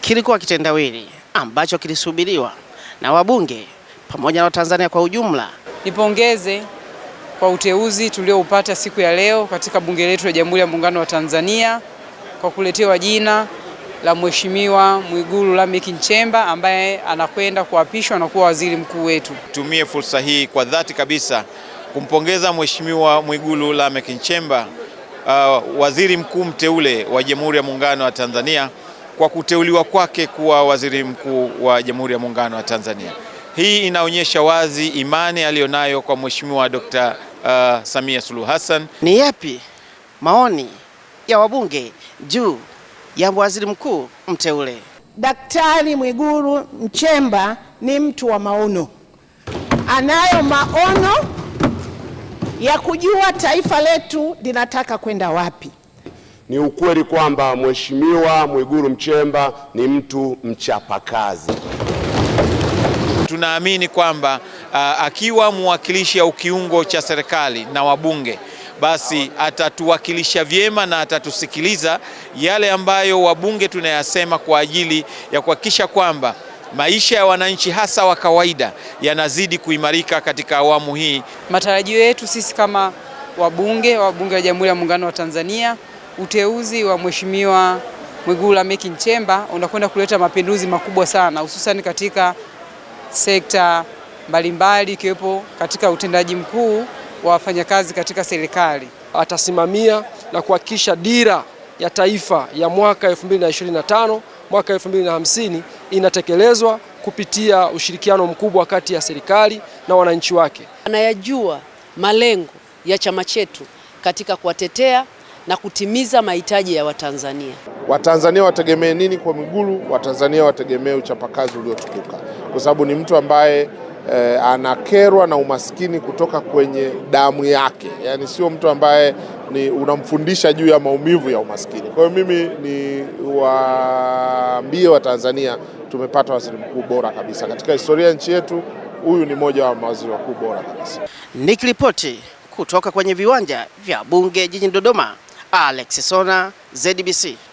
kilikuwa kitendawili ambacho kilisubiriwa na wabunge pamoja na Watanzania kwa ujumla. Nipongeze kwa uteuzi tulioupata siku ya leo katika bunge letu la Jamhuri ya Muungano wa Tanzania kwa kuletewa jina la Mheshimiwa Mwigulu Lameck Nchemba ambaye anakwenda kuapishwa na kuwa waziri mkuu wetu. Tumie fursa hii kwa dhati kabisa kumpongeza Mheshimiwa Mwigulu Lameck Nchemba, uh, waziri mkuu mteule wa Jamhuri ya Muungano wa Tanzania kwa kuteuliwa kwake kuwa waziri mkuu wa Jamhuri ya Muungano wa Tanzania. Hii inaonyesha wazi imani aliyonayo kwa Mheshimiwa Dkt. uh, Samia Suluhu Hassan. Ni yapi maoni ya wabunge juu ya waziri mkuu mteule? Daktari Mwigulu Nchemba ni mtu wa maono, anayo maono ya kujua taifa letu linataka kwenda wapi. Ni ukweli kwamba Mheshimiwa Mwigulu mchemba ni mtu mchapakazi. Tunaamini kwamba uh, akiwa mwakilishi au kiungo cha serikali na wabunge basi atatuwakilisha vyema na atatusikiliza yale ambayo wabunge tunayasema kwa ajili ya kuhakikisha kwamba maisha ya wananchi hasa wa kawaida yanazidi kuimarika katika awamu hii. Matarajio yetu sisi kama wabunge wabunge wa Jamhuri ya Muungano wa Tanzania uteuzi wa Mheshimiwa Mwigulu Lameck Nchemba unakwenda kuleta mapinduzi makubwa sana hususan katika sekta mbalimbali ikiwepo katika utendaji mkuu wa wafanyakazi katika serikali. Atasimamia na kuhakikisha dira ya taifa ya mwaka 2025 mwaka 2050 inatekelezwa kupitia ushirikiano mkubwa kati ya serikali na wananchi wake. Anayajua malengo ya chama chetu katika kuwatetea na kutimiza mahitaji ya Watanzania. Watanzania wategemee nini kwa Mwigulu? Watanzania wategemee uchapakazi uliotukuka, kwa sababu ni mtu ambaye E, anakerwa na umaskini kutoka kwenye damu yake, yaani sio mtu ambaye ni unamfundisha juu ya maumivu ya umaskini. Kwa hiyo mimi ni waambie Watanzania, tumepata waziri mkuu bora kabisa katika historia ya nchi yetu. Huyu ni mmoja wa mawaziri wakuu bora kabisa. Nikiripoti kutoka kwenye viwanja vya Bunge jijini Dodoma, Alex Sona, ZBC.